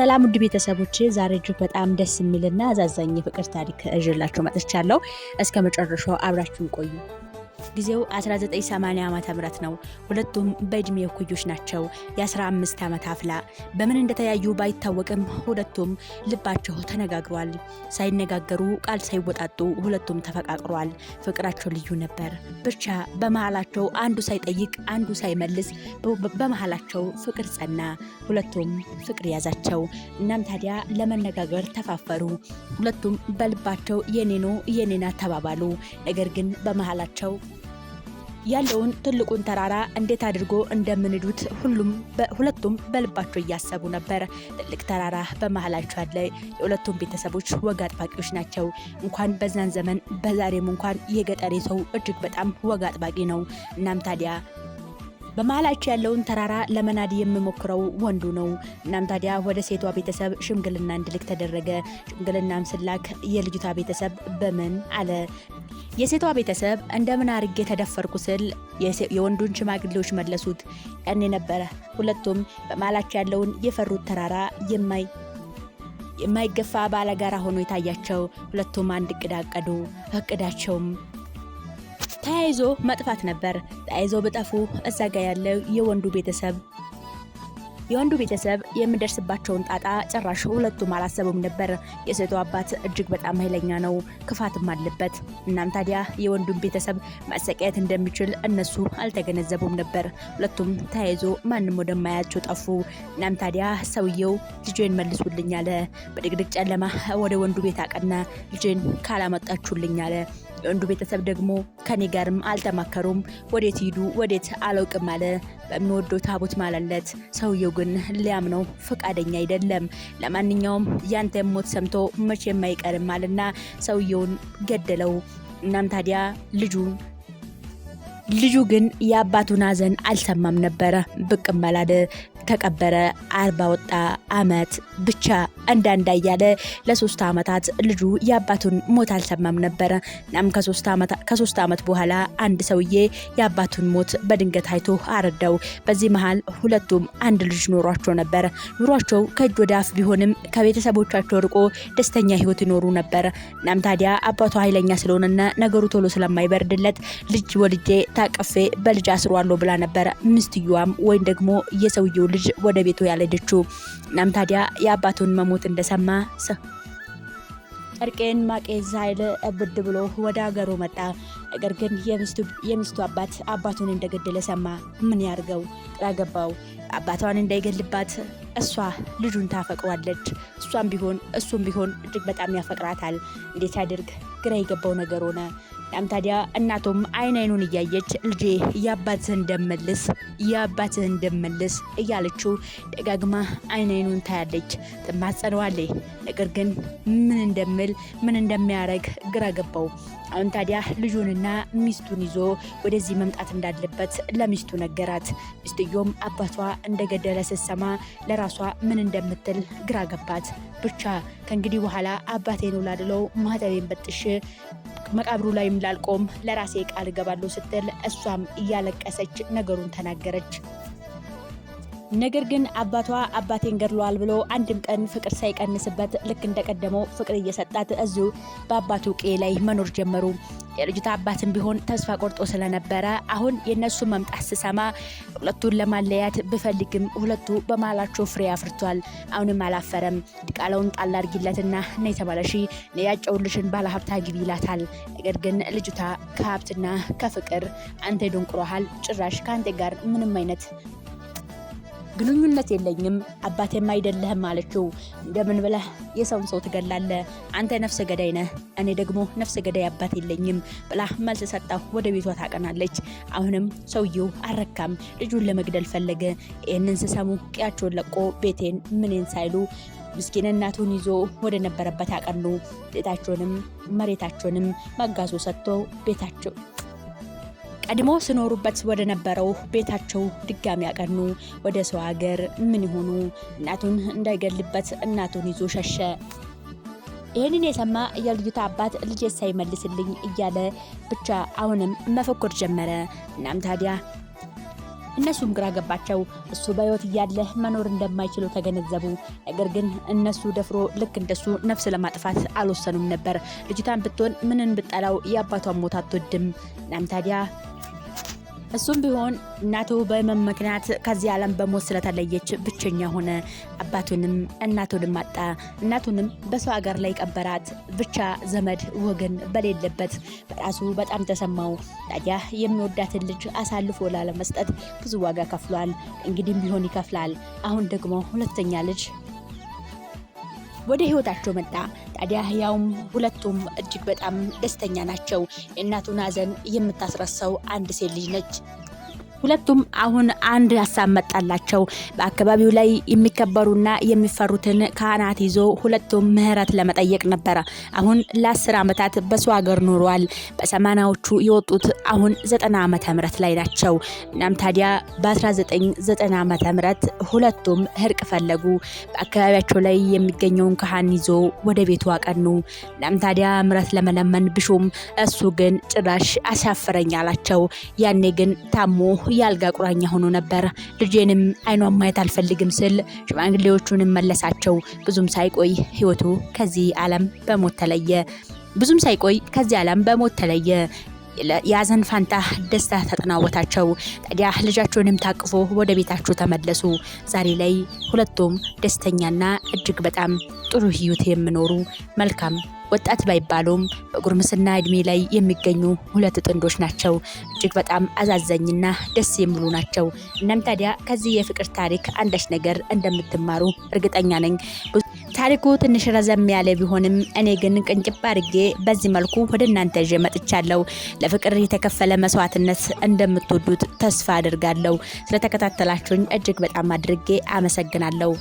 ሰላም ውድ ቤተሰቦች፣ ዛሬ እጅግ በጣም ደስ የሚልና አዛዛኝ የፍቅር ታሪክ እዥላቸው መጥቻለሁ። እስከ መጨረሻው አብራችሁን ቆዩ። ጊዜው 1980 ም ነው። ሁለቱም በእድሜ ኩዮች ናቸው። የ15 ዓመት አፍላ። በምን እንደተያዩ ባይታወቅም ሁለቱም ልባቸው ተነጋግሯል። ሳይነጋገሩ ቃል ሳይወጣጡ ሁለቱም ተፈቃቅሯል። ፍቅራቸው ልዩ ነበር። ብቻ በመሃላቸው አንዱ ሳይጠይቅ አንዱ ሳይመልስ በመሃላቸው ፍቅር ጸና። ሁለቱም ፍቅር ያዛቸው። እናም ታዲያ ለመነጋገር ተፋፈሩ። ሁለቱም በልባቸው የኔ የኔና ተባባሉ። ነገር ግን በመሃላቸው ያለውን ትልቁን ተራራ እንዴት አድርጎ እንደምንዱት ሁሉም ሁለቱም በልባቸው እያሰቡ ነበር። ትልቅ ተራራ በመሀላቸው አለ። የሁለቱም ቤተሰቦች ወግ አጥባቂዎች ናቸው። እንኳን በዛን ዘመን በዛሬም እንኳን የገጠሬ ሰው እጅግ በጣም ወግ አጥባቂ ነው። እናም ታዲያ በመሀላቸው ያለውን ተራራ ለመናድ የሚሞክረው ወንዱ ነው። እናም ታዲያ ወደ ሴቷ ቤተሰብ ሽምግልና እንድልክ ተደረገ። ሽምግልናም ስላክ የልጅቷ ቤተሰብ በምን አለ የሴቷ ቤተሰብ እንደምን አድርጌ ተደፈርኩ ስል የወንዱን ሽማግሌዎች መለሱት። ያኔ ነበረ ሁለቱም በማላቸው ያለውን የፈሩት ተራራ የማይገፋ ባለጋራ ሆኖ የታያቸው። ሁለቱም አንድ እቅድ አቀዱ። እቅዳቸውም ተያይዞ መጥፋት ነበር። ተያይዞ ብጠፉ እዛ ጋ ያለው የወንዱ ቤተሰብ የወንዱ ቤተሰብ የምደርስባቸውን ጣጣ ጭራሽ ሁለቱም አላሰቡም ነበር። የሴቱ አባት እጅግ በጣም ኃይለኛ ነው፣ ክፋትም አለበት። እናም ታዲያ የወንዱን ቤተሰብ ማሰቃየት እንደሚችል እነሱ አልተገነዘቡም ነበር። ሁለቱም ተያይዞ ማንም ወደማያቸው ጠፉ። እናም ታዲያ ሰውየው ልጄን መልሱልኝ አለ። በድቅድቅ ጨለማ ወደ ወንዱ ቤት አቀና። ልጄን ካላመጣችሁልኝ አለ። የወንዱ ቤተሰብ ደግሞ ከኔ ጋርም አልተማከሩም። ወዴት ሂዱ ወዴት አላውቅም አለ። በሚወደው ታቦት ማለለት። ሰውየው ግን ሊያምነው ነው ፈቃደኛ አይደለም። ለማንኛውም ያንተ ሞት ሰምቶ መቼ የማይቀርም አለና ሰውየውን ገደለው። እናም ታዲያ ልጁ ልጁ ግን የአባቱን ሐዘን አልሰማም ነበረ። ብቅ መላደ ተቀበረ፣ አርባ ወጣ፣ አመት ብቻ እንዳንዳ እያለ ለሶስት ዓመታት ልጁ የአባቱን ሞት አልሰማም ነበረ። እናም ከሶስት ዓመት በኋላ አንድ ሰውዬ የአባቱን ሞት በድንገት አይቶ አረዳው። በዚህ መሃል ሁለቱም አንድ ልጅ ኖሯቸው ነበር። ኑሯቸው ከእጅ ወደ አፍ ቢሆንም ከቤተሰቦቻቸው ርቆ ደስተኛ ህይወት ይኖሩ ነበር። እናም ታዲያ አባቱ ኃይለኛ ስለሆነና ነገሩ ቶሎ ስለማይበርድለት ልጅ ወልጄ ታቀፌ በልጅ አስሯለሁ ብላ ነበር ምስትየዋም ወይም ደግሞ የሰውየው ልጅ ልጅ ወደ ቤቱ ያልሄደችው። እናም ታዲያ የአባቱን መሞት እንደሰማ ጨርቄን ማቄዝ ኃይል እብድ ብሎ ወደ ሀገሩ መጣ። ነገር ግን የሚስቱ አባት አባቱን እንደገደለ ሰማ። ምን ያርገው? ግራ ገባው። አባቷን እንዳይገልባት እሷ ልጁን ታፈቅሯለች። እሷም ቢሆን እሱም ቢሆን እጅግ በጣም ያፈቅራታል። እንዴት ያድርግ ግራ የገባው ነገር ሆነ። ያም ታዲያ እናቶም አይን አይኑን እያየች ልጄ የአባትህን እንደመልስ መልስ፣ እንደመልስ እያለችው ደጋግማ አይን አይኑን ታያለች፣ ትማጸነዋለች። ነገር ግን ምን እንደምል ምን እንደሚያደርግ ግራ ገባው። አሁን ታዲያ ልጁንና ሚስቱን ይዞ ወደዚህ መምጣት እንዳለበት ለሚስቱ ነገራት። ሚስትዮም አባቷ እንደገደለ ስትሰማ ለራሷ ምን እንደምትል ግራ ገባት። ብቻ ከእንግዲህ በኋላ አባቴን ውላድለው ማህተቤን በጥሽ መቃብሩ ላይ ላልቆም ለራሴ ቃል እገባለሁ ስትል እሷም እያለቀሰች ነገሩን ተናገረች። ነገር ግን አባቷ አባቴን ገድሏል ብሎ አንድም ቀን ፍቅር ሳይቀንስበት ልክ እንደቀደመው ፍቅር እየሰጣት እዙ በአባቱ ቄ ላይ መኖር ጀመሩ። የልጅቷ አባትም ቢሆን ተስፋ ቆርጦ ስለነበረ አሁን የእነሱ መምጣት ስሰማ ሁለቱን ለማለያት ብፈልግም ሁለቱ በማላቸው ፍሬ አፍርቷል። አሁንም አላፈረም። ድቃለውን ጣል አድርጊለትና ነይ ተመለሺ፣ ያጨውልሽን ባለ ሀብት ይላታል። ነገር ግን ልጅቷ ከሀብትና ከፍቅር አንተ ይደንቁረሃል፣ ጭራሽ ከአንተ ጋር ምንም አይነት ግንኙነት የለኝም አባቴም አይደለህም አለችው። እንደምን ብለህ የሰውን ሰው ትገላለህ? አንተ ነፍሰ ገዳይ ነህ፣ እኔ ደግሞ ነፍሰ ገዳይ አባት የለኝም ብላ መልስ ሰጣሁ። ወደ ቤቷ ታቀናለች። አሁንም ሰውየው አረካም፣ ልጁን ለመግደል ፈለገ። ይህንን ስሰሙ ቂያቸውን ለቆ ቤቴን ምንን ሳይሉ ምስኪን እናቱን ይዞ ወደ ነበረበት አቀኑ። ጤታቸውንም መሬታቸውንም መጋዙ ሰጥቶ ቤታቸው ቀድሞ ስኖሩበት ወደ ነበረው ቤታቸው ድጋሚ ያቀኑ። ወደ ሰው ሀገር ምን ይሆኑ? እናቱን እንዳይገልበት እናቱን ይዞ ሸሸ። ይህንን የሰማ የልጅቷ አባት ልጄ ሳይመልስልኝ እያለ ብቻ አሁንም መፈኮር ጀመረ። እናም ታዲያ እነሱም ግራ ገባቸው። እሱ በሕይወት እያለ መኖር እንደማይችሉ ተገነዘቡ። ነገር ግን እነሱ ደፍሮ ልክ እንደሱ ነፍስ ለማጥፋት አልወሰኑም ነበር። ልጅቷን ብትሆን ምንን ብጠላው የአባቷን ሞት አትወድም። እናም ታዲያ እሱም ቢሆን እናቱ በህመም ምክንያት ከዚህ ዓለም በሞት ስለተለየች ብቸኛ ሆነ። አባቱንም እናቱንም አጣ። እናቱንም በሰው ሀገር ላይ ቀበራት። ብቻ ዘመድ ወገን በሌለበት በራሱ በጣም ተሰማው። ታዲያ የሚወዳትን ልጅ አሳልፎ ላለመስጠት ብዙ ዋጋ ከፍሏል። እንግዲህም ቢሆን ይከፍላል። አሁን ደግሞ ሁለተኛ ልጅ ወደ ህይወታቸው መጣ። ታዲያ ያውም ሁለቱም እጅግ በጣም ደስተኛ ናቸው። የእናቱን ሐዘን የምታስረሳው አንድ ሴት ልጅ ነች። ሁለቱም አሁን አንድ ሀሳብ መጣላቸው። በአካባቢው ላይ የሚከበሩና የሚፈሩትን ካህናት ይዞ ሁለቱም ምህረት ለመጠየቅ ነበረ። አሁን ለአስር ዓመታት በሰው ሀገር ኖሯል። በሰማናዎቹ የወጡት አሁን ዘጠና ዓመተ ምህረት ላይ ናቸው። እናም ታዲያ በ1990 ዓመተ ምህረት ሁለቱም እርቅ ፈለጉ። በአካባቢያቸው ላይ የሚገኘውን ካህን ይዞ ወደ ቤቱ አቀኑ። እናም ታዲያ ምህረት ለመለመን ብሹም እሱ ግን ጭራሽ አሻፈረኝ አላቸው። ያኔ ግን ታሞ የአልጋ ቁራኛ ሆኖ ነበር። ልጄንም አይኗን ማየት አልፈልግም ስል ሽማግሌዎቹንም መለሳቸው። ብዙም ሳይቆይ ህይወቱ ከዚህ ዓለም በሞት ተለየ። ብዙም ሳይቆይ ከዚህ ዓለም በሞት ተለየ። የአዘን ፋንታ ደስታ ተጠናወታቸው። ታዲያ ልጃቸውንም ታቅፎ ወደ ቤታቸው ተመለሱ። ዛሬ ላይ ሁለቱም ደስተኛና እጅግ በጣም ጥሩ ህይወት የሚኖሩ መልካም ወጣት ባይባሉም በጉርምስና እድሜ ላይ የሚገኙ ሁለት ጥንዶች ናቸው። እጅግ በጣም አዛዘኝና ደስ የሚሉ ናቸው። እናም ታዲያ ከዚህ የፍቅር ታሪክ አንዳች ነገር እንደምትማሩ እርግጠኛ ነኝ። ታሪኩ ትንሽ ረዘም ያለ ቢሆንም እኔ ግን ቅንጭብ አድርጌ በዚህ መልኩ ወደ እናንተ ይዤ መጥቻለሁ። ለፍቅር የተከፈለ መስዋዕትነት እንደምትወዱት ተስፋ አድርጋለሁ። ስለተከታተላችሁኝ እጅግ በጣም አድርጌ አመሰግናለሁ።